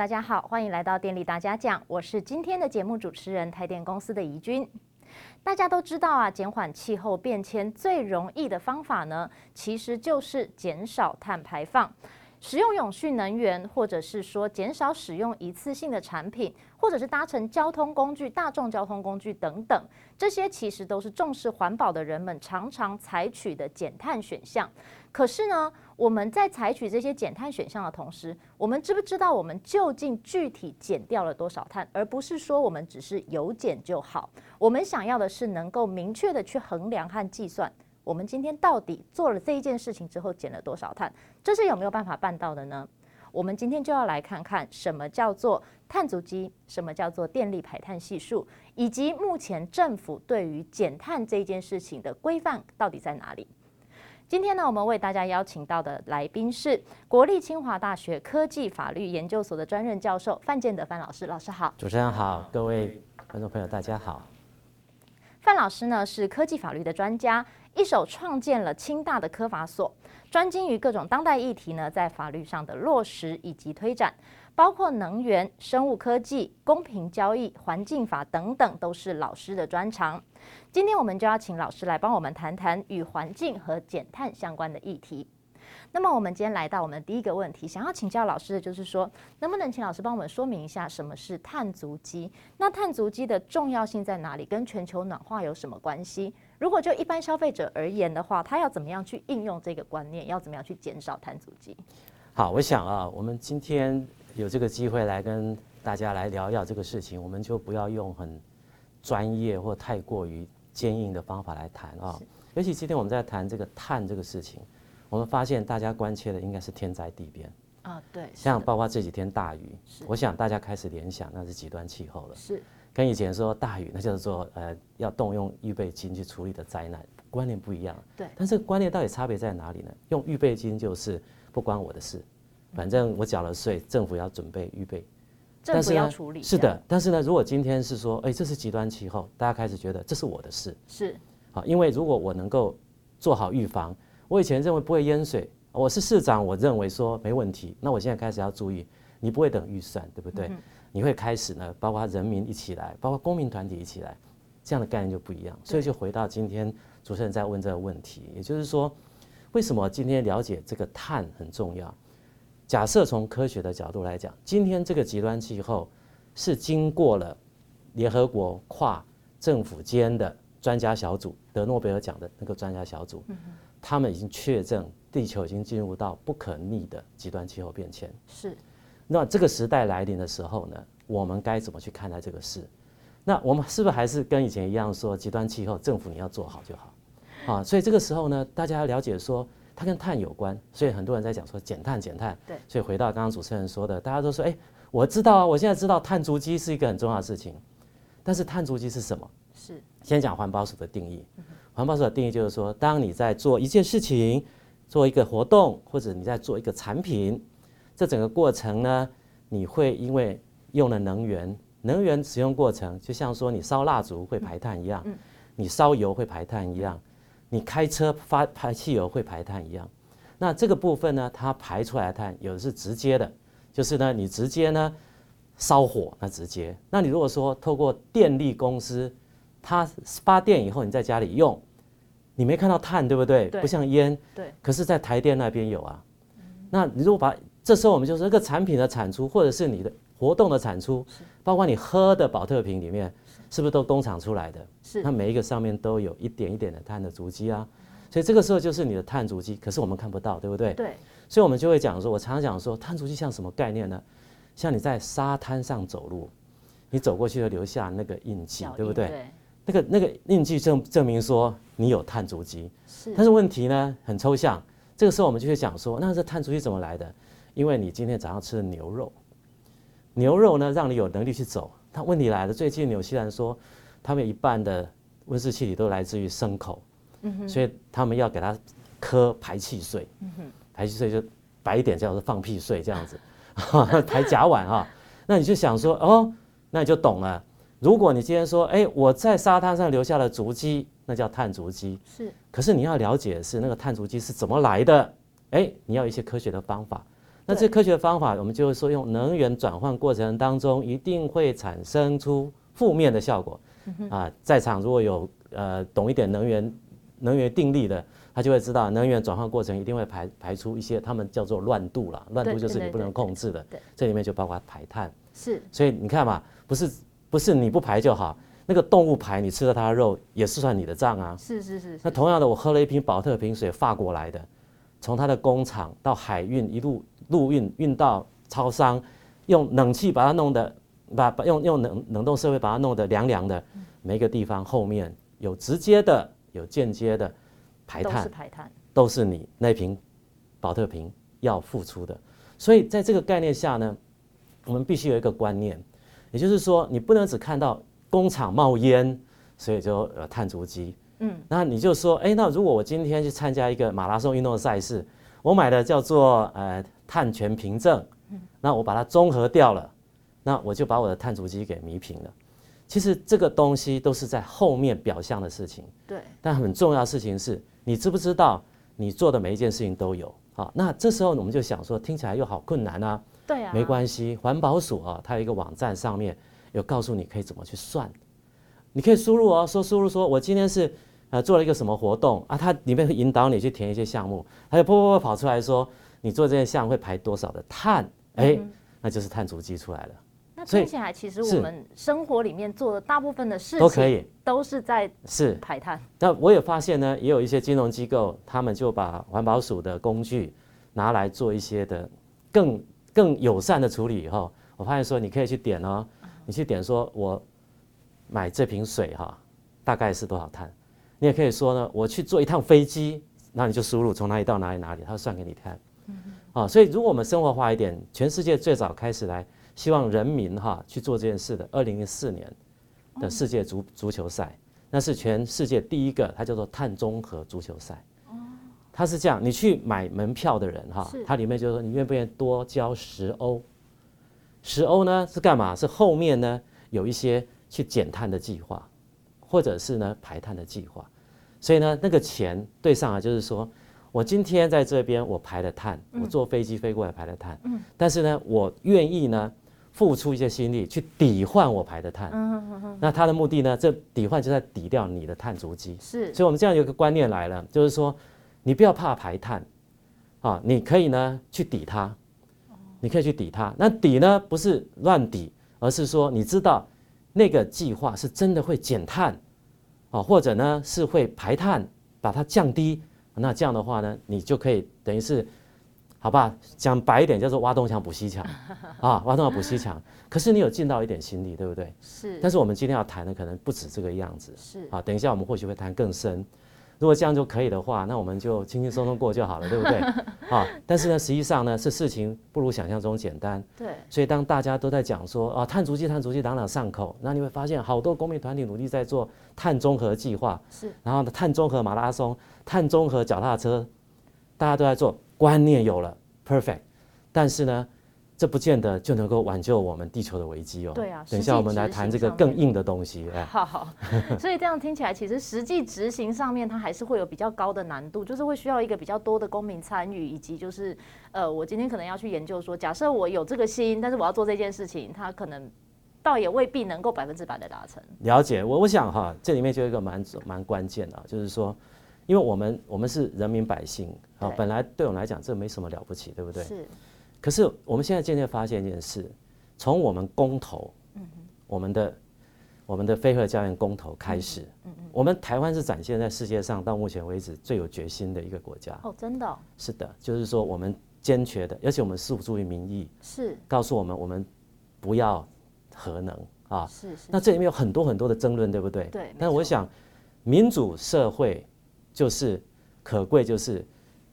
大家好，歡迎來到電力大家講，我是今天的節目主持人台電公司的怡君。大家都知道啊，減緩氣候變遷最容易的方法呢，其實就是減少碳排放，使用永續能源，或者是說減少使用一次性的產品，或者是搭乘交通工具、大眾交通工具等等，這些其實都是重視環保的人們常常採取的減碳選項。可是呢，我們在採取這些減碳選項的同時，我們知不知道我們究竟具體減掉了多少碳？而不是說我們只是有減就好。我們想要的是能夠明確地去衡量和計算，我們今天到底做了這一件事情之後減了多少碳？這是有沒有辦法辦到的呢？我們今天就要來看看什麼叫做碳足跡，什麼叫做電力排碳係數，以及目前政府對於減碳這件事情的規範到底在哪裡？今天呢，我們為大家邀請到的來賓是國立清華大學科技法律研究所的專任教授范建得范老師。老師好，主持人好，各位觀眾朋友大家好。范老師呢，是科技法律的專家，一手創建了清大的科法所，專精於各種當代議題呢，在法律上的落實以及推展，包括能源、生物科技、公平交易、環境法等等都是老師的專長。今天我們就要請老師來幫我們談談與環境和減碳相關的議題。那麼我們今天來到我們的第一個問題，想要請教老師的就是說，能不能請老師幫我們說明一下什麼是碳足跡？那碳足跡的重要性在哪裡？跟全球暖化有什麼關係？如果就一般消費者而言的話，他要怎麼樣去應用這個觀念？要怎麼樣去減少碳足跡？好，我想啊，我們今天有這個機會來跟大家來聊聊這個事情，我們就不要用很專業或太過於堅硬的方法來談啊。哦、是尤其今天我們在談這個碳這個事情。我們發現大家關切的應該是天災地變啊，對，像包括這幾天大雨，我想大家開始聯想那是極端氣候了，是，跟以前說大雨那叫做呃要動用預備金去處理的災難觀念不一樣，對，但這個觀念到底差別在哪裡呢？用預備金就是不關我的事，反正我繳了稅，政府要準備預備，但是要處理，是的，但是呢，如果今天是說，哎，這是極端氣候，大家開始覺得這是我的事，是，好，因為如果我能夠做好預防。我以前認為不會淹水，我是市長，我認為說沒問題。那我現在開始要注意，你不會等預算，對不對？嗯、哼你會開始呢，包括人民一起來，包括公民團體一起來，這樣的概念就不一樣。對所以就回到今天主持人在問這個問題，也就是說，為什麼今天了解這個碳很重要？假設從科學的角度來講，今天這個極端氣候是經過了聯合國跨政府間的專家小組得諾貝爾獎的那個專家小組。他們已經確證，地球已經進入到不可逆的極端氣候變遷。是，那這個時代來臨的時候呢，我們該怎麼去看待這個事？那我們是不是還是跟以前一樣說極端氣候，政府你要做好就好？啊，所以這個時候呢，大家要了解說它跟碳有關，所以很多人在講說減碳、減碳。對，所以回到剛剛主持人說的，大家都說，哎，我知道，啊，我現在知道碳足跡是一個很重要的事情。但是碳足跡是什麼？是先講環保署的定義。嗯環保署的定義就是說，當你在做一件事情、做一個活動，或者你在做一個產品，這整個過程呢，你會因為用了能源，能源使用過程就像說你燒蠟燭會排碳一樣，嗯、你燒油會排碳一樣，你開車發排汽油會排碳一樣。那這個部分呢，它排出來的碳有的是直接的，就是呢你直接呢燒火那直接，那你如果說透過電力公司，它發電以後你在家裡用。你沒看到碳，對不對？不像煙。對。可是，在台電那邊有啊。嗯。那你如果把這時候，我們就是這個產品的產出，或者是你的活動的產出，包括你喝的寶特瓶裡面，是不是都工廠出來的？是。那每一個上面都有一點一點的碳的足跡啊。所以這個時候就是你的碳足跡，可是我們看不到，對不對？對。所以我們就會講說，我常常講說，碳足跡像什麼概念呢？像你在沙灘上走路，你走過去就留下那個印記，對不對？對。那個那個印記證證明說你有碳足跡，是，但是問題呢很抽象。這個時候我們就會想說，那這碳足跡怎麼來的？因為你今天早上吃的牛肉，牛肉呢讓你有能力去走。但問題來了，最近紐西蘭說他們一半的溫室氣體都來自於牲口，嗯、哼所以他們要給它課排氣稅，嗯、哼排氣稅就白一點叫做放屁稅這樣子，排甲 烷哈。那你就想說，哦，那你就懂了。如果你今天說，哎、欸，我在沙灘上留下了足跡，那叫碳足跡。是。可是你要了解的是那個碳足跡是怎麼來的，哎、欸，你要一些科學的方法。那這科學的方法，對我們就是說用能源轉換過程當中一定會產生出負面的效果。啊、嗯哼呃，在場如果有呃懂一點能源能源定律的，他就會知道能源轉換過程一定會排排出一些他們叫做亂度了，亂度就是你不能控制的。對，對，對，對。這裡面就包括排碳。是。所以你看嘛，不是。不是你不排就好，那個動物排，你吃了它的肉也是算你的賬啊。是是是，是。那同樣的，我喝了一瓶寶特瓶水，法國來的，從它的工廠到海運，一路陸運運到超商，用冷氣把它弄得，把把用用冷冷凍設備把它弄得涼涼的，每一個地方後面有直接的，有間接的排碳，都是排碳，都是你那瓶寶特瓶要付出的。所以在這個概念下呢，我們必須有一個觀念。也就是說，你不能只看到工廠冒煙，所以就有碳足跡。嗯，那你就說，誒、欸，那如果我今天去參加一個馬拉松運動賽事，我買的叫做呃碳權憑證，嗯，那我把它綜合掉了，那我就把我的碳足跡給彌平了。其實這個東西都是在後面表象的事情。對。但很重要的事情是你知不知道，你做的每一件事情都有。好、啊，那這時候我們就想說，聽起來又好困難啊。沒關係，環保署啊、哦，它有一個網站上面有告訴你可以怎麼去算，你可以輸入哦，說輸入說我今天是呃做了一個什麼活動啊，它裡面會引導你去填一些項目，它就噗噗噗跑出來說你做這些項目會排多少的碳，哎、欸，嗯嗯，那就是碳足跡出來了。那聽起來其實我們生活裡面做的大部分的事情都，都可以都是在是排碳。那我也發現呢，也有一些金融機構，他們就把環保署的工具拿來做一些的更。更友善的處理以後，我發現說你可以去點哦、喔，你去點說，我買這瓶水哈、喔，大概是多少碳？你也可以說呢，我去坐一趟飛機，那你就輸入從哪裡到哪裡哪裡，它算給你看。啊、嗯哼喔，所以如果我們生活化一點，全世界最早開始來希望人民哈、喔、去做這件事的，二零零四年的世界足足球賽，嗯、那是全世界第一個，它叫做碳中和足球賽。他是這樣，你去買門票的人哈，哦、是它裡面就是說你願不願意多交十歐，十歐呢是幹嘛？是後面呢有一些去減碳的計劃，或者是呢排碳的計劃，所以呢那個錢對上來，就是說我今天在這邊我排的碳，嗯、我坐飛機飛過來排的碳，嗯、但是呢我願意呢付出一些心力去抵換我排的碳，嗯、呵呵那他的目的呢，這抵換就是在抵掉你的碳足跡。是，所以我們這樣有一個觀念來了，就是說。你不要怕排碳，啊，你可以呢去抵它，你可以去抵它。那抵呢不是亂抵，而是說你知道那個計劃是真的會減碳，啊，或者呢是會排碳，把它降低。那這樣的話呢，你就可以等於是，好吧，講白一點叫做挖東牆補西牆啊，挖東牆補西牆。 可是你有盡到一點心力，對不對？是。但是我們今天要談的可能不止這個樣子。是。啊，等一下我們或許會談更深。如果這樣就可以的話，那我們就輕輕鬆鬆過就好了，對不對？ 啊！但是呢，實際上呢，是事情不如想象中簡單。對。所以當大家都在講說啊，碳足跡、碳足跡朗朗上口，那你會發現好多公民團體努力在做碳中和計劃。是。然後碳中和馬拉松、碳中和腳踏車，大家都在做，觀念有了，perfect。但是呢。這不見得就能夠挽救我們地球的危機哦。對啊，等一下我們來談這個更硬的東西。好好， 所以這樣聽起來，其實實際執行上面它還是會有比較高的難度，就是會需要一個比較多的公民參與，以及就是呃，我今天可能要去研究說，假設我有這個心，但是我要做這件事情，它可能倒也未必能夠百分之百的達成。了解，我我想哈，這裡面就一個蠻蠻關鍵的，啊，就是說，因為我們我們是人民百姓對啊，本來對我們來講這沒什麼了不起，對不對？是。可是我們現在漸漸發現一件事，從我們公投，嗯哼，我們的、我們的非核家園公投開始，嗯嗯，我們台灣是展現在世界上到目前為止最有決心的一個國家。哦，真的、哦、是的，就是說我們堅決的，而且我們訴諸於民意，是告訴我們我們不要核能啊。是，是是。那這裡面有很多很多的爭論，對不對？對。但是我想，錯民主社會就是可貴，就是。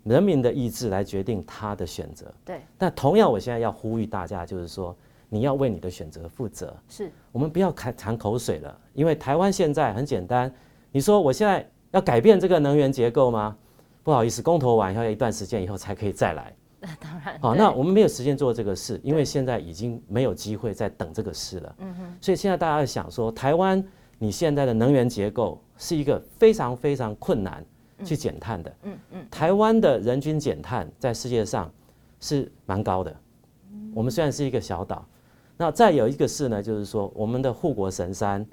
人民的意志來決定他的選擇。對。但同樣，我現在要呼籲大家，就是說，你要為你的選擇負責。是。我們不要談談口水了，因為台灣現在很簡單。你說我現在要改變這個能源結構嗎？不好意思，公投完要一段時間以後才可以再來。那、啊、當然。好，哦，對那我們沒有時間做這個事，因為現在已經沒有機會再等這個事了。嗯哼對。所以現在大家在想說，台灣你現在的能源結構是一個非常非常困難。去減碳的，嗯嗯，嗯嗯，台灣的人均減碳在世界上是蠻高的。嗯、我們雖然是一個小島，那再有一個事呢，就是說我們的護國神山，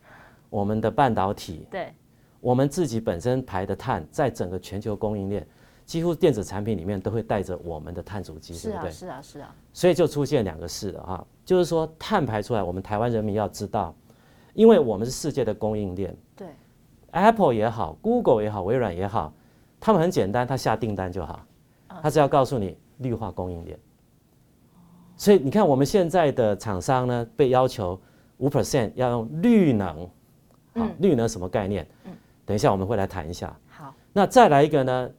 我們的半導體，對，我們自己本身排的碳，在整個全球供應鏈，幾乎電子產品裡面都會帶着我們的碳足跡，是啊，是不對？是啊，是啊。所以就出現兩個事了哈、啊，就是說碳排出來，我們台灣人民要知道，因為我們是世界的供應鏈。Apple 也好，Google 也好，微軟也好，他們很簡單，他下訂單就好，他只要告訴你綠化供應鏈。Uh huh. 所以你看，我們現在的廠商呢，被要求五 percent 要用綠能，好，嗯、綠能什麼概念？嗯、等一下我們會來談一下。好，那再來一個呢，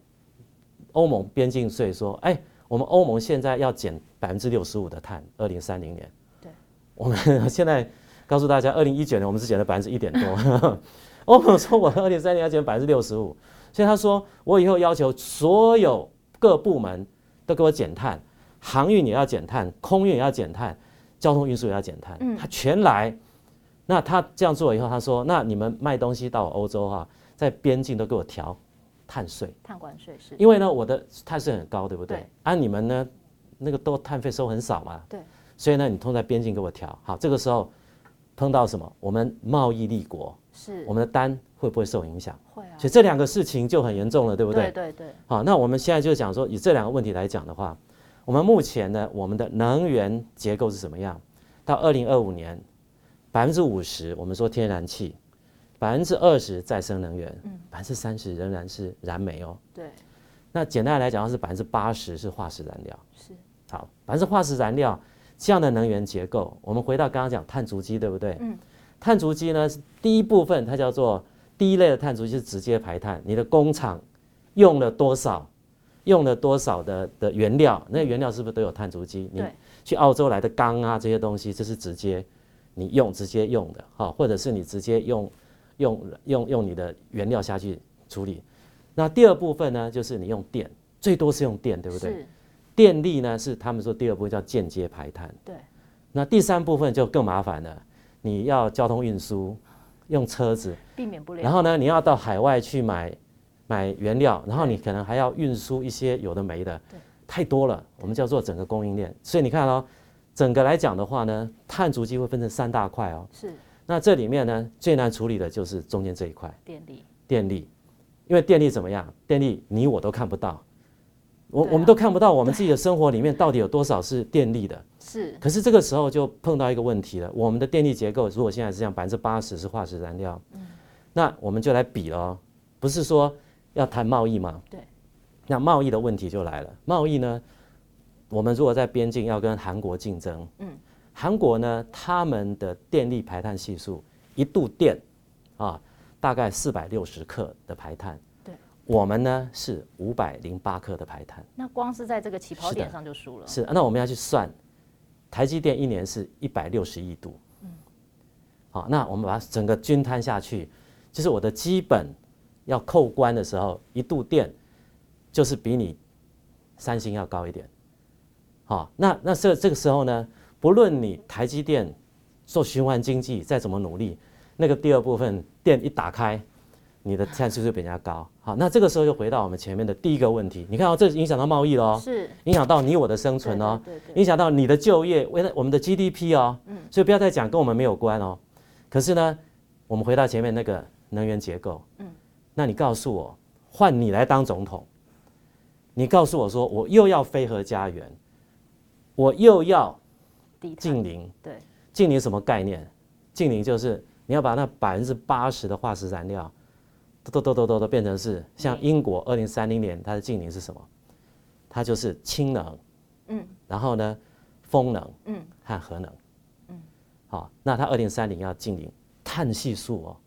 歐盟邊境稅說，哎，我們歐盟現在要減百分之六十五的碳，二零三零年。對，我們現在告訴大家，二零一九年我們只減了百分之一點多。嗯 歐盟說我 2, 3, 4,，我的二零三零要減百分之六十五， 所以他說，我以後要求所有各部門都給我減碳，航運也要減碳，空運也要減碳，交通運輸也要減碳，嗯、他全來。那他這樣做以後，他說，那你們賣東西到歐洲哈，在邊境都給我調碳稅、碳關稅是。因為呢，我的碳稅很高，對不對？按對、啊、你們呢，那個都碳費收很少嘛。對。所以呢，你通在邊境給我調好。這個時候碰到什麼？我們貿易立國。是我們的單會不會受影響？會啊，所以這兩個事情就很嚴重了，對不對？對對對。好，那我們現在就講說，以這兩個問題來講的話，我們目前呢，我們的能源結構是什麼樣？到二零二五年，百分之五十我們說天然氣，百分之二十再生能源，嗯，百分之三十仍然是燃煤哦。對。那簡單來講是80，是百分之八十是化石燃料。是。好，百分之化石燃料這樣的能源結構，我們回到剛剛講碳足跡，對不對？嗯。碳足跡呢是第一部分，它叫做第一類的碳足跡，是直接排碳。你的工廠用了多少，用了多少的的原料，那個、原料是不是都有碳足跡？你去澳洲來的鋼啊這些東西，這是直接你用直接用的哈，或者是你直接用用用用你的原料下去處理。那第二部分呢，就是你用電，最多是用電，對不對？是電力呢是他們說第二部分叫間接排碳。對，那第三部分就更麻煩了。你要交通運輸用車子，嗯、避免不了。然後呢，你要到海外去買買原料，然後你可能還要運輸一些有的沒的，對，太多了。我們叫做整個供應鏈。所以你看哦，整個來講的話呢，碳足跡會分成三大塊哦。是。那這裡面呢，最難處理的就是中間這一塊。電力。電力，因為電力怎麼樣？電力你我都看不到。我我們都看不到，我們自己的生活裡面到底有多少是電力的，是。可是這個時候就碰到一個問題了，我們的電力結構如果現在是這樣，百分之八十是化石燃料，嗯，那我們就來比了，不是說要談貿易嗎？對。那貿易的問題就來了，貿易呢，我們如果在邊境要跟韓國競爭，嗯，韓國呢，他們的電力排碳係數一度電，啊，大概四百六十克的排碳。我們呢是五百零八克的排碳，那光是在這個起跑點上就輸了是。是，那我們要去算，台積電一年是一百六十億度，嗯，好，那我們把它整個均攤下去，就是我的基本要扣關的時候，一度電就是比你三星要高一點，好，那那這這個時候呢，不論你台積電做循環經濟再怎麼努力，那個第二部分電一打開。你的碳係數就比人家高，好，那這個時候又回到我們前面的第一個問題，你看哦，這影響到貿易咯，是影響到你我的生存哦，對，對，對，影響到你的就業，為了我們的 GDP 哦，嗯，所以不要再講跟我們沒有關哦。可是呢，我們回到前面那個能源結構，嗯，那你告訴我，換你來當總統，你告訴我說，我又要非核家園，我又要淨零。對，淨零什麼概念？淨零就是你要把那百分之八十的化石燃料都都都都都變成是像英國，二零三零年它的淨零是什麼？它就是氫能，嗯，然後呢，風能，和和能嗯，嗯，和核能，嗯，好，那它二零三零要淨零，碳係數哦，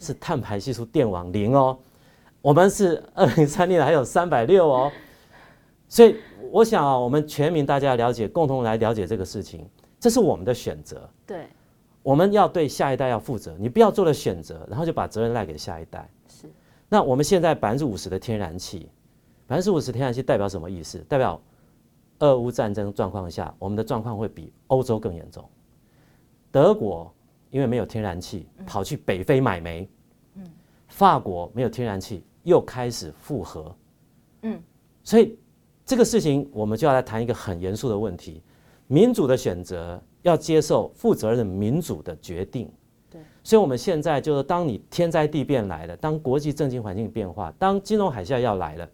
是碳排係數電網零哦，對我們是二零三零年還有三百六哦，所以我想啊，我們全民大家要了解，共同來了解這個事情，這是我們的選擇，對，我們要對下一代要負責，你不要做了選擇，然後就把責任賴給下一代。那我們現在百分之五十的天然氣，百分之五十天然氣代表什麼意思？代表，俄烏戰爭狀況下，我們的狀況會比歐洲更嚴重。德國因為沒有天然氣，嗯、跑去北非買煤。嗯。法國沒有天然氣，又開始復合。嗯。所以這個事情，我們就要來談一個很嚴肅的問題：民主的選擇要接受負責任民主的決定。對，所以我們現在就是，當你天災地變來了，當國際政經環境變化，當金融海嘯要來了，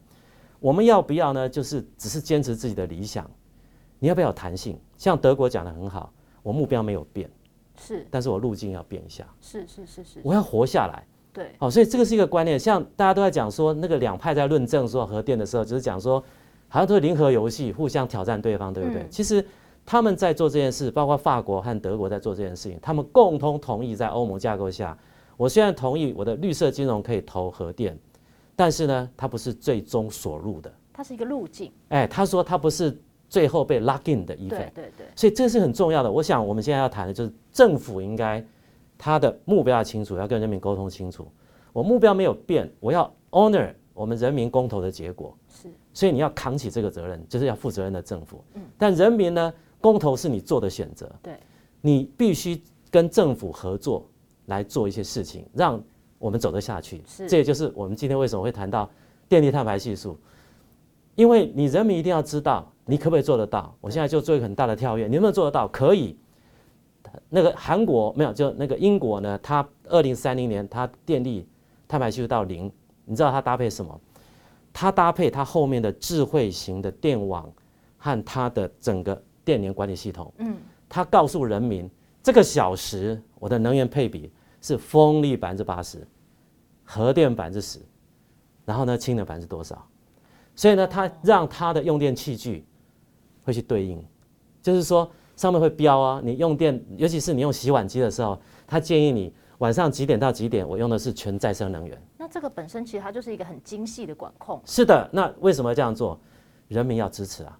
我們要不要呢？就是只是堅持自己的理想，你要不要有彈性？像德國講得很好，我目標沒有變，是，但是我路徑要變一下，是是是是，是是是是我要活下來，對，哦，所以這個是一個觀念，像大家都在講說，那個兩派在論證說核電的時候，只、就是講說好像都是零和遊戲，互相挑戰對方，對不對？嗯、其實。他們在做這件事，包括法國和德國在做這件事情，他們共同同意在歐盟架構下。我雖然同意我的綠色金融可以投核電，但是呢，它不是最終鎖入的，它是一個路徑。哎，他說它不是最後被 lock in 的一份，對對對。所以這是很重要的。我想我們現在要談的就是政府應該他的目標要清楚，要跟人民溝通清楚。我目標沒有變，我要 honor 我們人民公投的結果。是。所以你要扛起這個責任，就是要負責任的政府。嗯。但人民呢？公投是你做的選擇，對，你必須跟政府合作來做一些事情，讓我們走得下去。是這也就是我們今天為什麼會談到電力碳排係數，因為你人民一定要知道你可不可以做得到。對我現在就做一個很大的跳躍，你能不能做得到？可以。那個韓國沒有，就那個英國呢？它，二零三零年它電力碳排係數到零，你知道它搭配什麼？它搭配它後面的智慧型的電網和它的整個。電源管理系統，嗯，他告訴人民，這個小時我的能源配比是風力百分之八十，核電百分之十，然後呢，氫的百分之多少？所以呢，他讓他的用電器具會去對應，就是說上面會標啊，你用電，尤其是你用洗碗機的時候，他建議你晚上幾點到幾點，我用的是全再生能源。那這個本身其實它就是一個很精細的管控。是的，那為什麼要這樣做？人民要支持啊。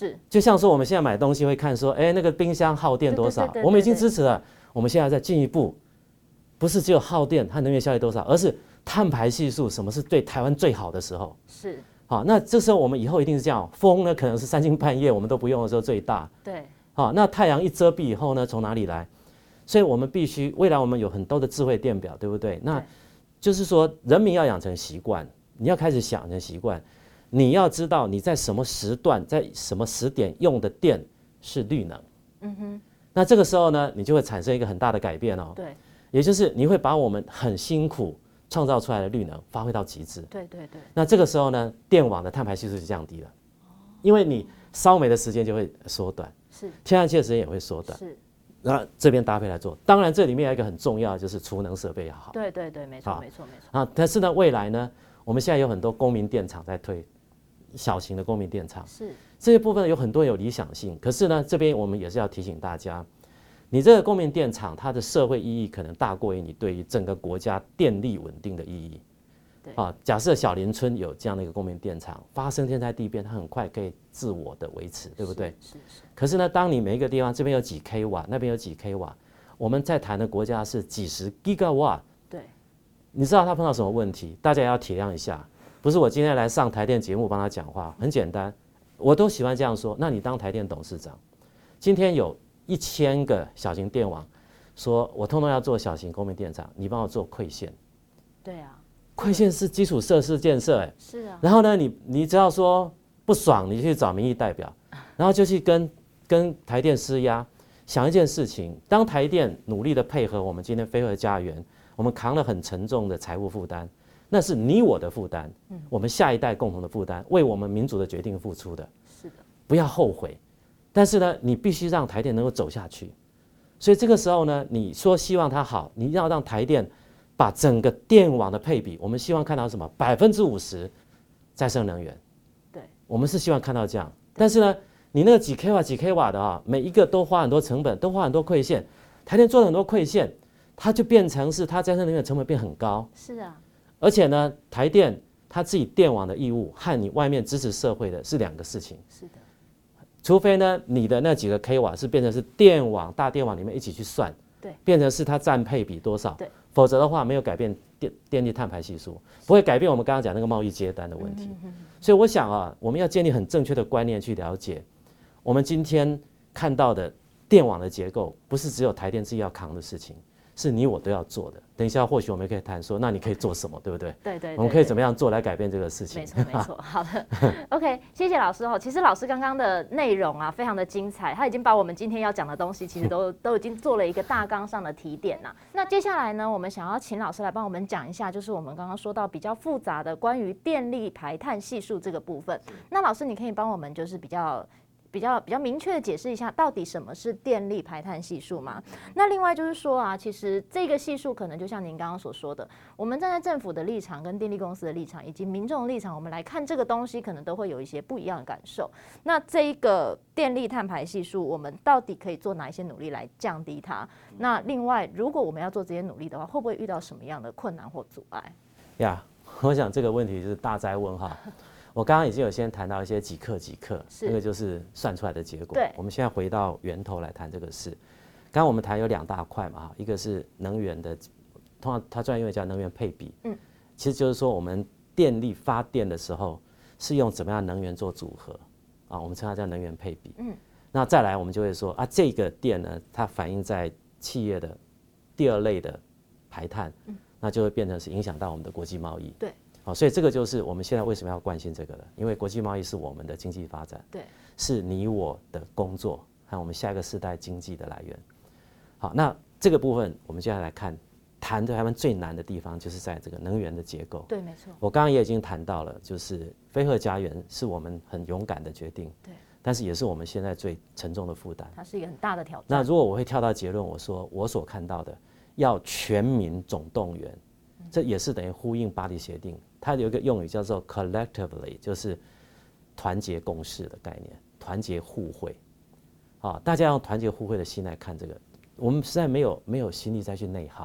是，就像說我們現在買東西會看說，誒、欸，那個冰箱耗電多少？我們已經支持了，我們現在在進一步，不是只有耗電和能源效率多少，而是碳排係數，什麼是對臺灣最好的時候。是，好，那這時候我們以後一定是這樣、喔，風呢可能是三更半夜我們都不用的時候最大。對，好，那太陽一遮蔽以後呢，從哪裡來？所以我們必須未來我們有很多的智慧電表，對不對？那就是說人民要養成習慣，你要開始想成習慣。你要知道你在什麼時段、在什麼時點用的電是綠能，嗯哼，那這個時候呢，你就會產生一個很大的改變哦、喔。對，也就是你會把我們很辛苦創造出來的綠能發揮到極致。對對對。那這個時候呢，電網的碳排係數就降低了，哦、因為你燒煤的時間就會縮短，是，天然氣的時間也會縮短，是，那這邊搭配來做。當然，這裡面有一個很重要，就是儲能設備要好。對對對，沒錯好沒錯沒錯。啊，但是呢，未來呢，我們現在有很多公民電廠在推。小型的公民電廠，是這一部分有很多有理想性，可是呢，這邊我們也是要提醒大家，你這個公民電廠它的社會意義可能大過於你對於整個國家電力穩定的意義。對啊，假設小林村有這樣的一個公民電廠，發生天災地變，它很快可以自我的維持，對不對？是，是，是可是呢，當你每一個地方這邊有幾 k 瓦，那邊有幾 k 瓦，我們在談的國家是幾十 giga 瓦。對，你知道它碰到什麼問題？大家也要體諒一下。不是我今天來上台電節目幫他講話，很簡單，我都喜歡這樣說。那你當台電董事長，今天有一千個小型電網，說我通通要做小型公民電廠，你幫我做饋線。對啊！饋線是基礎設施建設，欸，哎，對，是啊。然後呢，你你只要說不爽，你就去找民意代表，然後就去跟跟台電施壓。想一件事情，當台電努力的配合我們今天非核家園，我們扛了很沉重的財務負擔。那是你我的負擔，嗯、我們下一代共同的負擔，為我們民主的決定付出的，是的，不要後悔。但是呢，你必須讓台電能夠走下去。所以這個時候呢，你說希望它好，你要讓台電把整個電網的配比，我們希望看到什麼？百分之五十再生能源。對，我們是希望看到這樣。對但是呢，你那個幾 K 瓦、幾 K 瓦的啊、哦，每一個都花很多成本，都花很多饋線。台電做了很多饋線，它就變成是它再生能源成本變很高。是啊。而且呢，台電它自己電網的義務和你外面支持社會的是兩個事情。是的。除非呢，你的那幾個 K 瓦，是變成是電網大電網裡面一起去算，對，變成是它佔配比多少，對，否則的話沒有改變電電力碳排係數，是的。不會改變我們剛剛講那個貿易接單的問題。嗯嗯嗯嗯，所以我想啊，我們要建立很正確的觀念去了解，我們今天看到的電網的結構，不是只有台電自己要扛的事情。是你我都要做的。等一下，或許我們可以談說，那你可以做什麼，Okay. 對不對？對對，對，對對。我們可以怎麼樣做來改變這個事情？沒錯沒錯。好的 ，OK，謝謝老師哦。其實老師剛剛的內容啊，非常的精彩，他已經把我們今天要講的東西，其實都都已經做了一個大綱上的提點了、啊。 那接下來呢，我們想要請老師來幫我們講一下，就是我們剛剛說到比較複雜的關於電力排碳系數這個部分。的那老師，你可以幫我們就是比較。比較比較明確的解釋一下，到底什麼是電力排碳係數嗎？那另外就是說啊，其實這個係數可能就像您剛剛所說的，我們站在政府的立場、跟電力公司的立場以及民眾的立場，我們來看這個東西，可能都會有一些不一樣的感受。那這一個電力碳排係數，我們到底可以做哪一些努力來降低它？那另外，如果我們要做這些努力的話，會不會遇到什麼樣的困難或阻礙？呀，yeah, 我想這個問題是大哉問哈。 我剛剛已經有先談到一些幾克幾克，這是個就是算出來的結果。對，我們現在回到源頭來談這個事。剛剛我們談有兩大塊嘛，一個是能源的，通常它專業用叫能源配比。嗯，其實就是說我們電力發電的時候是用怎麼樣能源做組合，啊，我們稱它叫能源配比。嗯，那再來我們就會說啊，這個電呢，它反映在企業的第二類的排碳，嗯，那就會變成是影響到我們的國際貿易。對。好，所以這個就是我們現在為什麼要關心這個了，因為國際貿易是我們的經濟發展，對，是你我的工作，還有我們下一個世代經濟的來源。好，那這個部分我們接下來看，談台灣最難的地方就是在這個能源的結構，對，沒錯。我剛剛也已經談到了，就是非核家園是我們很勇敢的決定，對，但是也是我們現在最沉重的負擔，它是一個很大的挑戰。那如果我會跳到結論，我說我所看到的，要全民總動員，嗯、這也是等於呼應巴黎協定。它有一個用語叫做 “collectively”，就是團結共事的概念，團結互惠。啊、哦，大家用團結互惠的心來看這個，我們實在沒有沒有心力再去內耗。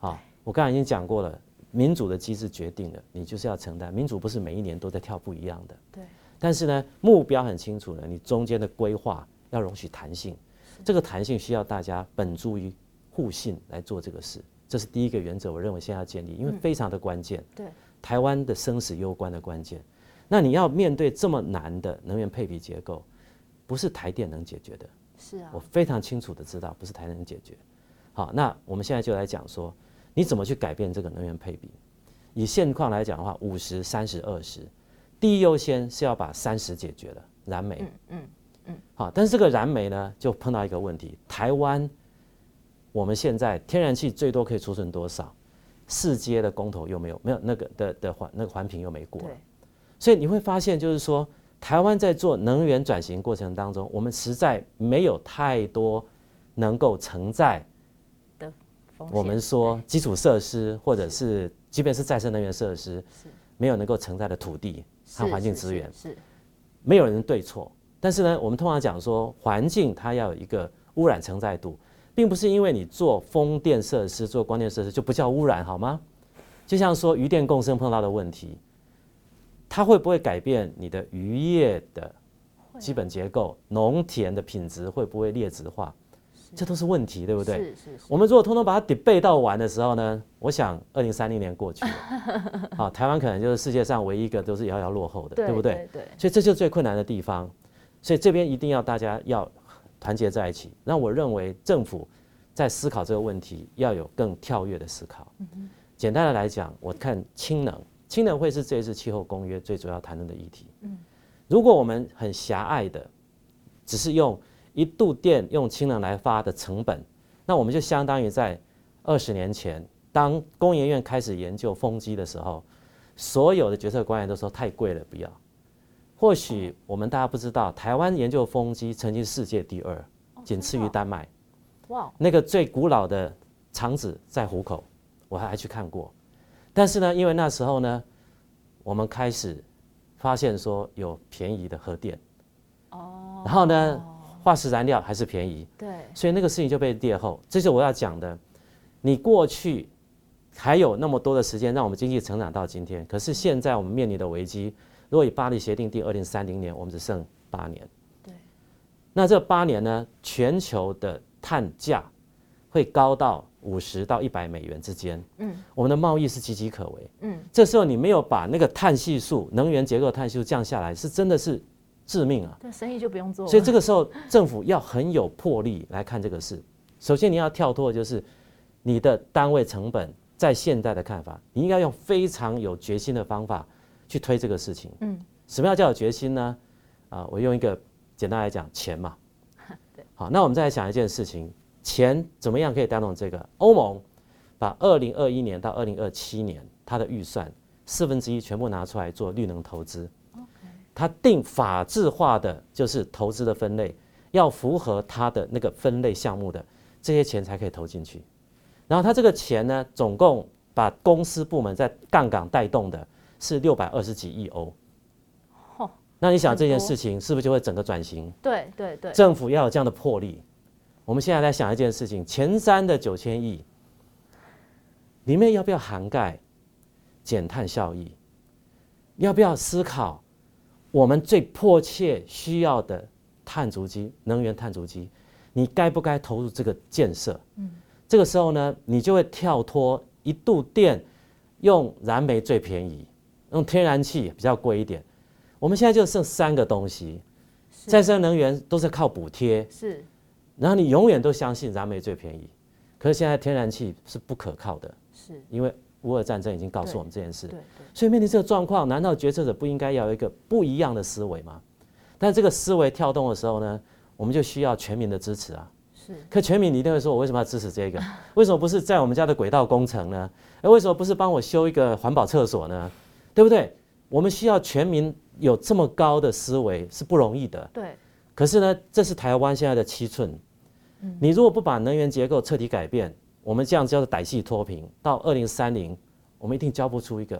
啊、哦，對我剛才已經講過了，民主的機制決定了你就是要承擔，民主不是每一年都在跳不一樣的。對但是呢，目標很清楚呢，你中間的規劃要容許彈性，是這個彈性需要大家本著於互信來做這個事，這是第一個原則，我認為先要建立，因為非常的關鍵、嗯。對。台灣的生死攸關的關鍵，那你要面對這麼難的能源配比結構，不是台電能解決的。是啊，我非常清楚的知道，不是台電能解決。好，那我們現在就來講說，你怎麼去改變這個能源配比？以現況來講的話，五十三十二十，第一優先是要把三十解決了，燃煤。嗯嗯嗯。嗯嗯好，但是這個燃煤呢，就碰到一個問題，台灣我們現在天然氣最多可以儲存多少？四階的公投又沒有，沒有那個的的環，那個環評又沒過了對所以你會發現就是說，台灣在做能源轉型過程當中，我們實在沒有太多能夠承載的。我們說基礎設施對或者是即便是再生能源設施，是沒有能夠承載的土地和環境資源。是，是，是，是，是沒有人對錯，但是呢，我們通常講說環境它要有一個汙染承載度。並不是因為你做風電設施、做光電設施就不叫污染，好嗎？就像說漁電共生碰到的問題，它會不會改變你的漁業的基本結構？農、啊、田的品質會不會劣質化？是這都是問題，對不對？我們如果通通把它抵背到完的時候呢？我想二零三零年過去了， 啊，台灣可能就是世界上唯一一個都是遙遙落後的，對，對不對？對，對，對。所以這就是最困難的地方，所以這邊一定要大家要團結在一起，那我認為政府在思考這個問題要有更跳躍的思考。簡單的來講，我看氫能，氫能會是這一次氣候公約最主要談論的議題。如果我們很狹隘的，只是用一度電用氫能來發的成本，那我們就相當於在二十年前，當工研院開始研究風機的時候，所有的決策官員都說太貴了，不要。或許我們大家不知道，oh. 台灣研究風機曾經世界第二，僅、oh, 次於丹麥。哇！Wow. Wow. 那個最古老的廠址在湖口，我還去看過。但是呢，因為那時候呢，我們開始發現說有便宜的核電。Oh. 然後呢，化石燃料還是便宜。對。Oh. 所以那個事情就被劣後，這是我要講的。你過去還有那麼多的時間讓我們經濟成長到今天，可是現在我們面臨的危機。如果以巴黎協定第二零三零年，我們只剩八年。對，那這八年呢？全球的碳價會高到五十到一百美元之間。嗯，我們的貿易是岌岌可危。嗯，這時候你沒有把那個碳係數、能源結構碳係數降下來，是真的是致命啊！對，生意就不用做了。所以這個時候，政府要很有魄力來看這個事。首先，你要跳脫的就是你的單位成本在現在的看法，你應該用非常有決心的方法。去推這個事情，嗯，什麼樣叫有決心呢？啊、呃，我用一個簡單來講，錢嘛，對，好，那我們再來想一件事情，錢怎麼樣可以帶動這個？歐盟把二零二一年到二零二七年它的預算四分之一全部拿出來做綠能投資他 Okay 它定法制化的就是投資的分類要符合它的那個分類項目的這些錢才可以投進去，然後它這個錢呢，總共把公司部門在槓桿帶動的。是六百二十幾億歐，哦、那你想多這件事情是不是就會整個轉型？對對對，對對政府要有這樣的魄力。我們現在來想一件事情：前三的九千億裡面，要不要涵蓋減碳效益？要不要思考我們最迫切需要的碳足跡、能源碳足跡？你該不該投入這個建設？嗯、這個時候呢，你就會跳脫一度電用燃煤最便宜，用天然氣比較貴一點，我們現在就剩三個東西，再是生能源都是靠補貼，是，然後你永遠都相信燃煤最便宜，可是現在天然氣是不可靠的，是因為烏俄戰爭已經告訴我們這件事，對對對，所以面臨這個狀況，難道決策者不應該要有一個不一樣的思維嗎？但這個思維跳動的時候呢，我們就需要全民的支持啊，是，可全民你一定會說，我為什麼要支持這個？為什麼不是在我們家的軌道工程呢？誒，為什麼不是幫我修一個環保廁所呢？對不對？我們需要全民有這麼高的思維是不容易的。對。可是呢，這是台灣現在的七寸。嗯。你如果不把能源結構徹底改變，我們這樣叫做“歹戲拖棚”。到二零三零，我們一定交不出一個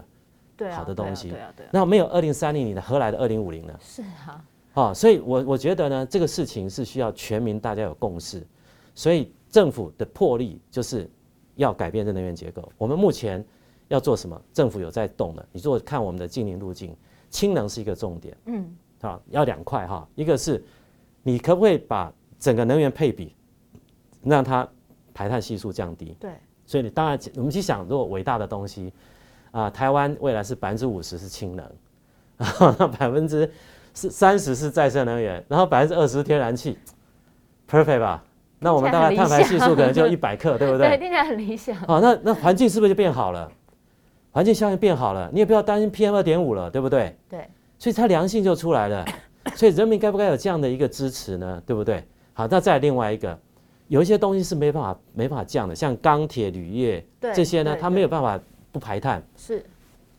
好的東西。對啊，對啊，對啊，對啊。那沒有二零三零，你的何來的二零五零呢？是啊。啊，哦，所以我，我我覺得呢，這個事情是需要全民大家有共識。所以，政府的魄力就是要改變這能源結構。我們目前。要做什麼？政府有在動的。你做看我們的淨零路徑，氫能是一個重點。嗯，好、啊，要兩塊哈。一個是你可不可以把整個能源配比，讓它排碳係數降低？對。所以你當然我們去想，如果偉大的東西啊，台灣未來是百分之五十是氫能，然後百分之是三十是再生能源，然後百分之二十是天然氣，perfect 吧？那我們大概碳排係數可能就一百克，對不對？對，聽起來很理想。對對對，理想啊，那那環境是不是就變好了？環境效應變好了，你也不要擔心 PM 二點五了，對不對？對，所以它良性就出來了。所以人民該不該有這樣的一個支持呢？對不對？好，那再另外一個，有一些東西是沒辦法、沒辦法降的，像鋼鐵、鋁業對這些呢，對對它沒有辦法不排碳。是，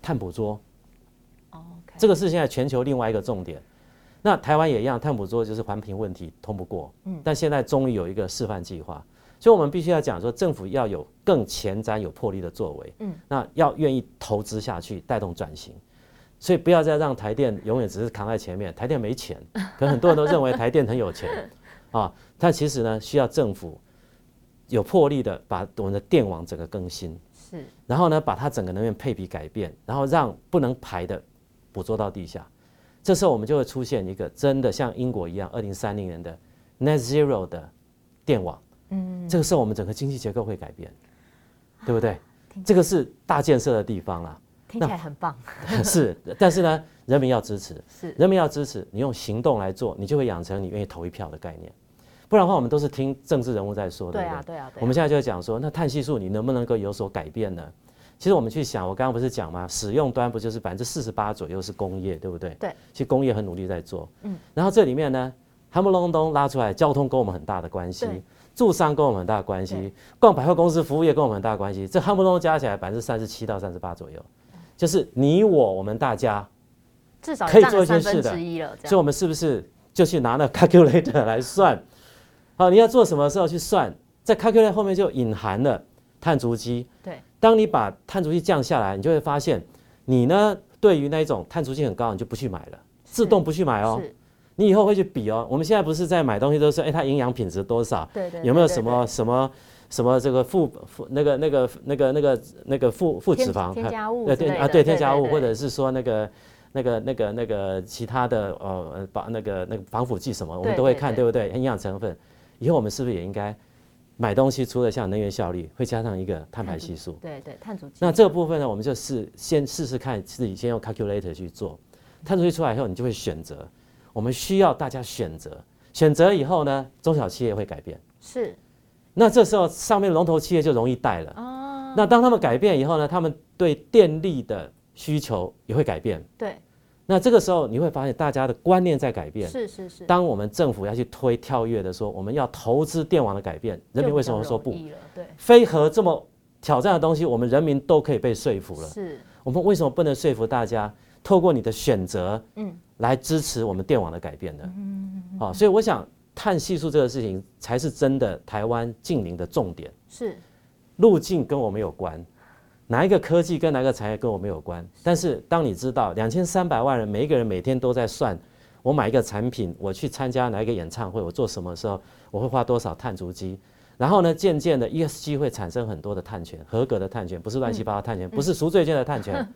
碳捕捉。Oh, okay 這個是現在全球另外一個重點。那台灣也一樣，碳捕捉就是環評問題通不過。嗯，但現在終於有一個示範計劃。所以，我們必須要講說，政府要有更前瞻、有魄力的作為。嗯，那要願意投資下去，帶動轉型。所以，不要再讓台電永遠只是扛在前面。台電沒錢，可能很多人都認為台電很有錢 啊。但其實呢，需要政府有魄力的把我們的電網整個更新，是。然後呢，把它整個能源配比改變，然後讓不能排的捕捉到地下。這時候，我們就會出現一個真的像英國一樣，二零三零年的 net zero 的電網。嗯，這個是我們整個經濟結構會改變，啊、對不對？這個是大建設的地方啦，聽起來那很棒。 是，但是呢，人民要支持，是，人民要支持，你用行動來做，你就會養成你願意投一票的概念。不然的話，我們都是聽政治人物在說的。對啊，對啊，對啊。我們現在就講說，那碳係數你能不能夠有所改變呢？其實我們去想，我剛剛不是講嗎？使用端不就是百分之四十八左右是工業，對不對？對。其實工業很努力在做，嗯。然後這裡面呢，他們隆咚拉出來，交通跟我們很大的關係。住商跟我們很大關係，逛百貨公司服務業跟我們很大關係，對這夯不啷噹加起來百分之三十七到三十八左右，就是你我我們大家至少可以做一件事的，所以我們是不是就去拿那 calculator 來算？ 好，你要做什麼時候去算？在 calculator 後面就隱含了碳足跡。對當你把碳足跡降下來，你就會發現，你呢對於那一種碳足跡很高，你就不去買了，是自動不去買哦。你以後會去比哦，我們現在不是在買東西都說，哎、欸，它營養品質多少？對對，對。有沒有什麼什麼什麼這個附附那個那個那個那個那個附附脂肪添加，啊、添加物？對啊，對添加物，或者是說那個那個那個那個其他的呃把那個那個防腐劑什麼，我們都會看，對，對，對，對，對不對？營養成分以後我們是不是也應該買東西？除了像能源效率，會加上一個碳排係數、嗯？對對，對，碳足跡。那這個部分呢，我們就是先試試看自己先用 calculator 去做，碳足跡出來以後，你就會選擇。我們需要大家選擇，選擇以後呢，中小企業會改變，是。那這時候上面龍頭企業就容易帶了。哦。那當他們改變以後呢，他們對電力的需求也會改變。對。那這個時候你會發現，大家的觀念在改變。是是是。當我們政府要去推跳躍的時候，我們要投資電網的改變，人民為什麼說不？了對。非核這麼挑戰的東西，我們人民都可以被說服了。是。我們為什麼不能說服大家？透過你的選擇，嗯。來支持我們電網的改變的，嗯、嗯、哦，所以我想碳係數這個事情才是真的台灣淨零的重點。是，路徑跟我們有關，哪一個科技跟哪一個產業跟我們有關？是但是當你知道兩千三百萬人，每一個人每天都在算，我買一個產品，我去參加哪一個演唱會，我做什麼的時候，我會花多少碳足跡？然後呢，漸漸的 ESG 會產生很多的碳權，合格的碳權，不是亂七八糟碳權，嗯、不是贖罪券的碳權。嗯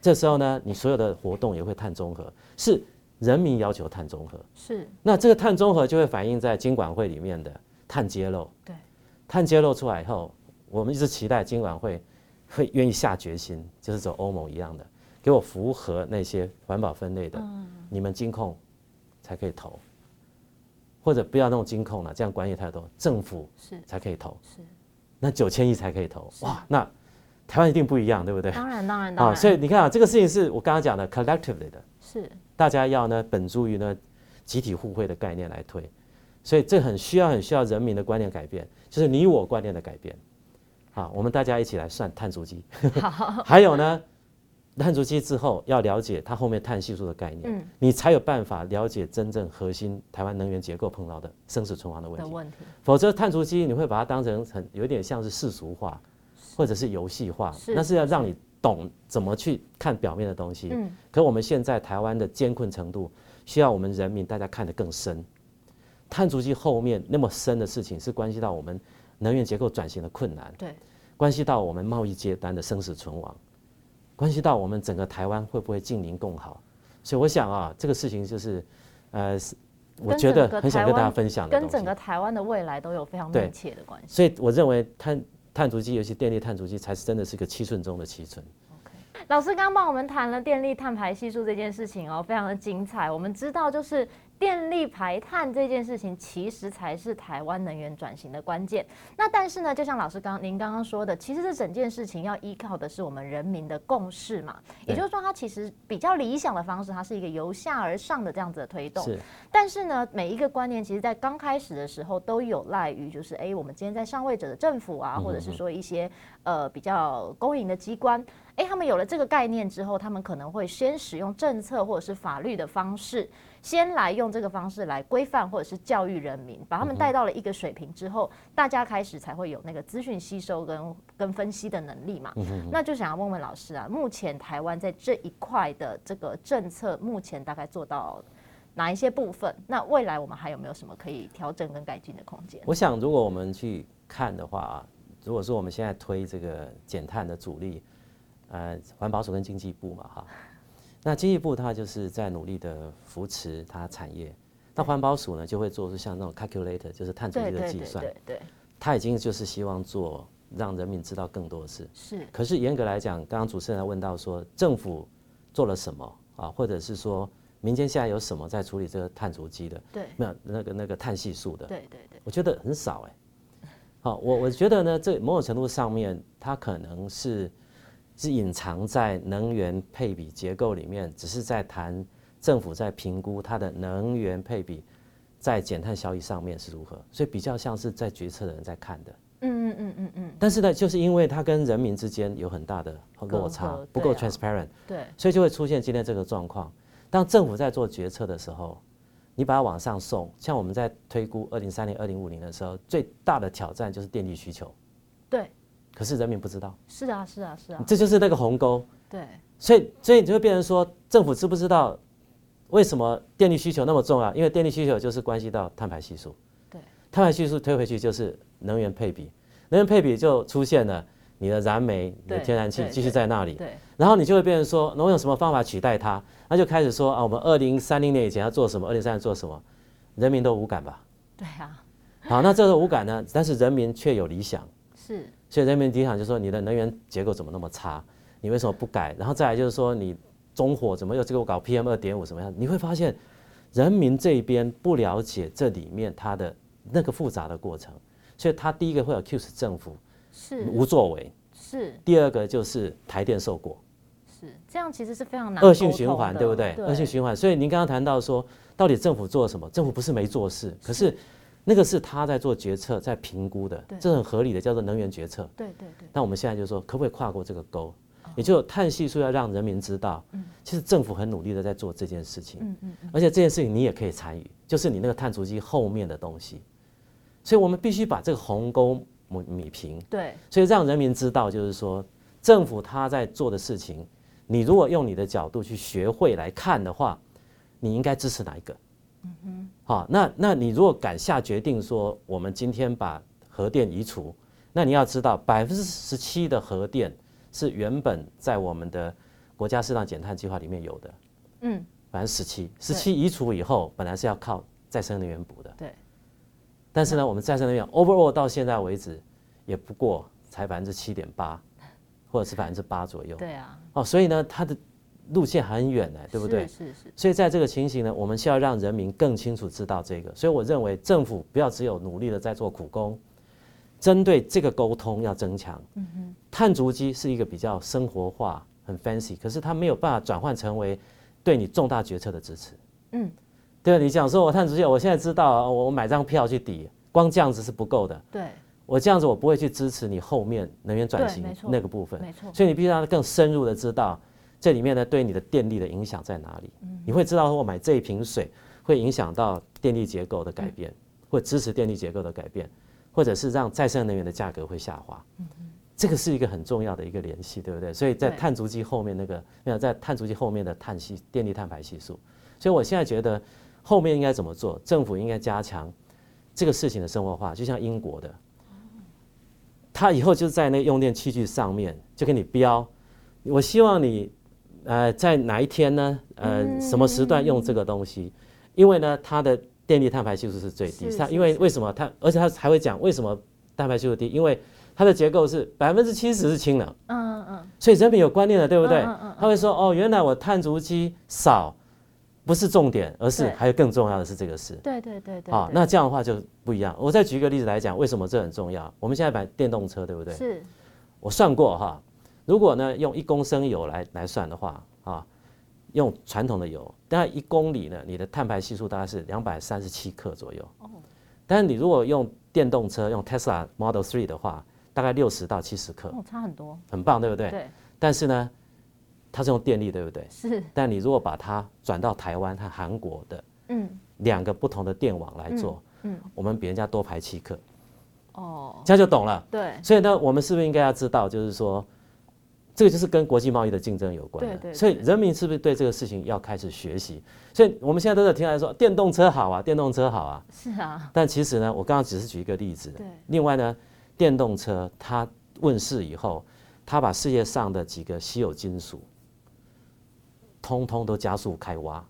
這時候呢，你所有的活動也會碳中和，是，人民要求碳中和，是。那這個碳中和就會反映在金管會裡面的碳揭露，對，碳揭露出來以後，我們一直期待金管會會願意下決心，就是走歐盟一樣的，給我符合那些環保分類的，嗯、你們金控才可以投，或者不要弄金控了，啊，這樣關係太多，政府是才可以投，是那九千億才可以投，是哇，那台灣一定不一樣，對不對？當然，當然，當然、啊。所以你看啊，這個事情是我剛剛講的 collectively 的，是大家要呢，本諸於呢集體互惠的概念來推。所以這很需要，很需要人民的觀念改變，就是你我觀念的改變。好、啊，我們大家一起來算碳足跡 好。好好還有呢，是碳足跡之後要了解它後面碳係數的概念，嗯、你才有辦法了解真正核心台灣能源結構碰到的生死存亡的問題。問題，否則，碳足跡你會把它當成很有一點像是世俗化。或者是遊戲化，是那是要讓你懂怎麼去看表面的東西。是是嗯、可是我們現在台灣的艱困程度，需要我們人民大家看得更深。碳足跡後面那麼深的事情，是關係到我們能源結構轉型的困難，對，關係到我們貿易接單的生死存亡，關係到我們整個台灣會不會淨零共好。所以我想啊，這個事情就是，呃，我覺得很想跟大家分享的，跟整個台灣的未來都有非常密切的關係。所以我認為它。碳足跡，尤其電力碳足跡，才是真的是個七寸中的七寸。OK，老師剛剛幫我們談了電力碳排係數這件事情哦，非常的精彩。我們知道就是。電力排碳這件事情，其實才是台灣能源轉型的關鍵。那但是呢，就像老師剛您剛剛說的，其實這整件事情要依靠的是我們人民的共識嘛。對也就是說，它其實比較理想的方式，它是一個由下而上的這樣子的推動。是。但是呢，每一個觀念，其實，在剛開始的時候，都有賴於就是，哎，我們今天在上位者的政府啊，或者是說一些呃比較公營的機關，哎，他們有了這個概念之後，他們可能會先使用政策或者是法律的方式。先來用這個方式來規範或者是教育人民，把他們帶到了一個水平之後，嗯、哼大家開始才會有那個資訊吸收跟跟分析的能力嘛。嗯、哼哼。那就想要問問老師啊，目前台灣在這一塊的這個政策，目前大概做到哪一些部分？那未來我們還有沒有什麼可以調整跟改進的空間？我想，如果我們去看的話啊，如果說我們現在推這個減碳的主力，呃，環保署跟經濟部嘛，哈。那進一步，他就是在努力的扶持它產業。對那環保署呢，就會做出像那種 calculator，就是碳足跡的計算。對對對、對、對、對，他已經就是希望做讓人民知道更多的事。是。可是嚴格來講，剛剛主持人還問到說政府做了什麼啊，或者是說民間現在有什麼在處理這個碳足跡的？對。沒有那個那個碳係數的。對、對對對。我覺得很少哎、欸。好、哦，我對我覺得呢，這某種程度上面，它可能是。是隱藏在能源配比結構裡面，只是在談政府在評估它的能源配比在減碳效益上面是如何，所以比較像是在決策的人在看的。嗯嗯嗯嗯嗯。嗯嗯嗯但是呢，就是因為它跟人民之間有很大的落差，啊、不夠 transparent，對，所以就會出現今天這個狀況。當政府在做決策的時候，你把它往上送，像我們在推估二零三零、二零五零的時候，最大的挑戰就是電力需求。可是人民不知道，是啊是啊是啊，是啊是啊，這就是那個鴻溝。對所，所以所以就會變成說，政府知不知道為什麼電力需求那麼重要？因為電力需求就是關係到碳排係數。對，碳排係數推回去就是能源配比，能源配比就出現了你的燃煤、對你的天然氣繼續在那裡。對，然後你就會變成說，那我用什麼方法取代它？那就開始說啊，我們二零三零年以前要做什麼，二零三零年做什麼，人民都無感吧？對啊。好，那這個無感呢？ 但是人民卻有理想。是。所以人民第一場就是說，你的能源結構怎麼那麼差，你為什麼不改？然後再來就是說，你中火怎麼又這個搞 PM 二點五什麼樣？你會發現，人民這邊不了解這裡面它的那個複雜的過程，所以他第一個會有 cue 政府是無作為，是第二個就是台電受過，是這樣，其實是非常難惡性循環，對不對？惡對性循環。所以您剛剛談到說，到底政府做什麼？政府不是沒做事，可是，是那個是他在做決策、在評估的，對這很合理的，叫做能源決策。對對對。那我們現在就說，可不可以跨過這個溝？哦、也就碳係數要讓人民知道。嗯、其實政府很努力的在做這件事情。嗯嗯。嗯嗯，而且這件事情你也可以參與，就是你那個碳足跡後面的東西。所以我們必須把這個鴻溝抹抹，抹平。對。所以讓人民知道，就是說政府他在做的事情，你如果用你的角度去學會來看的話，你應該支持哪一個？嗯好，那那你如果敢下決定說我們今天把核電移除，那你要知道百分之十七的核電是原本在我們的國家適當減碳計劃裡面有的，嗯，百分之十七，十七移除以後本來是要靠再生能源補的，對。但是呢，嗯、我們再生能源 overall 到現在為止也不過才百分之七點八，或者是百分之八左右，對啊。哦，所以呢，它的。路線很遠呢，對不對？是是。是是，所以在這個情形呢，我們需要讓人民更清楚知道這個。所以我認為政府不要只有努力的在做苦工，針對這個溝通要增強。嗯哼。碳足跡是一個比較生活化、很 fancy，可是它沒有辦法轉換成為對你重大決策的支持。嗯。對，你講說我碳足跡，我現在知道啊，我買張票去抵，光這樣子是不夠的。對。我這樣子我不會去支持你後面能源轉型那個部分。沒錯。沒錯。所以你必須讓他更深入的知道。這裡面呢，對你的電力的影響在哪裡？你會知道，說我買這一瓶水會影響到電力結構的改變，會支持電力結構的改變，或者是讓再生能源的價格會下滑。嗯、哼這個是一個很重要的一個聯繫，對不對？所以在碳足跡後面那個沒有，在碳足跡後面的碳係電力碳排係數。所以我現在覺得後面應該怎麼做？政府應該加強這個事情的生活化，就像英國的，他以後就在那個用電器具上面就給你標。我希望你。呃，在哪一天呢？呃，嗯、什麼時段用這個東西？嗯、因為呢，它的電力碳排係數是最低。它因為為什麼它，而且它還會講為什麼碳排放係數低？因為它的結構是百分之七十是氫能、嗯。嗯嗯嗯。所以人民有觀念了，嗯、對不對？他、嗯嗯嗯、會說哦，原來我碳足跡少，不是重點，而是還有更重要的是這個事。對對對對，對、哦。那這樣的話就不一樣。我再舉一個例子來講，為什麼這很重要？我們現在買電動車，對不對？是。我算過哈。如果呢，用一公升油來來算的話啊，用傳統的油，大概一公里呢，你的碳排係數大概是兩百三十七克左右。哦，但是你如果用電動車，用 Tesla Model 3的話，大概六十到七十克。哦，差很多，很棒，對不對？對。但是呢，它是用電力，對不對？是。但你如果把它轉到台灣和韓國的，嗯，兩個不同的電網來做，嗯，嗯，我們比人家多排七克，哦，這樣就懂了。對。所以呢，我們是不是應該要知道，就是說，這個就是跟國際貿易的競爭有關的。所以人民是不是對這個事情要開始學習？所以我們現在都在聽來說，電動車好啊，電動車好啊，是啊。但其實呢，我剛剛只是舉一個例子。對。另外呢，電動車它問世以後，它把世界上的幾個稀有金屬，通通都加速開挖，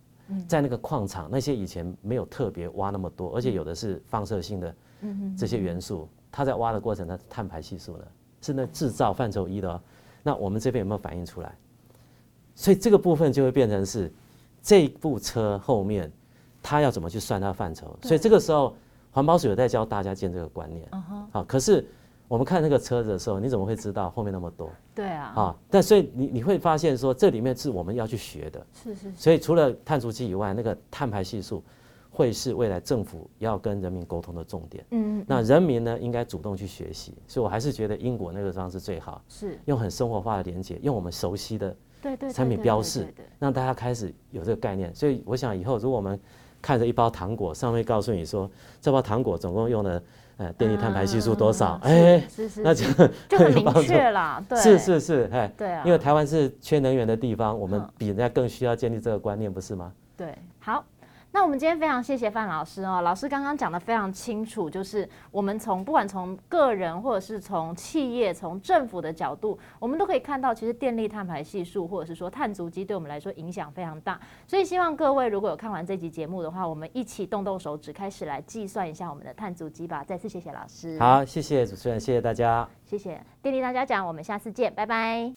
在那個礦場，那些以前沒有特別挖那麼多，而且有的是放射性的，嗯，這些元素，它在挖的過程，它是碳排係數呢，是那製造範疇一的，哦。那我們這邊有沒有反映出來？所以這個部分就會變成是這部車後面，它要怎麼去算它的範疇？對所以這個時候環保署有在教大家建這個觀念。Uh huh、啊哈。好，可是我們看那個車子的時候，你怎麼會知道後面那麼多？對啊。啊，但所以你你會發現說，這裡面是我們要去學的。是，是是。所以除了碳足跡以外，那個碳排係數。會是未來政府要跟人民溝通的重點。嗯，那人民呢，應該主動去學習。所以，我還是覺得英國那個方式最好，是用很生活化的連接，用我們熟悉的產品標示，讓大家開始有這個概念。所以，我想以後如果我們看着一包糖果，上面告訴你說這包糖果總共用了呃電力碳排係數多少，哎、嗯，那 就更明確了。對，是是 是，哎，對啊，因為台灣是缺能源的地方，我們比人家更需要建立這個觀念，不是嗎？對，好。那我們今天非常謝謝范老師哦、喔，老師剛剛講得非常清楚，就是我們從不管從個人或者是從企業、從政府的角度，我們都可以看到，其實電力碳排係數或者是說碳足跡對我們來說影響非常大。所以希望各位如果有看完這集節目的話，我們一起動動手指，開始來計算一下我們的碳足跡吧。再次謝謝老師。好，謝謝主持人，謝謝大家，謝謝電力大家講，我們下次見，拜拜。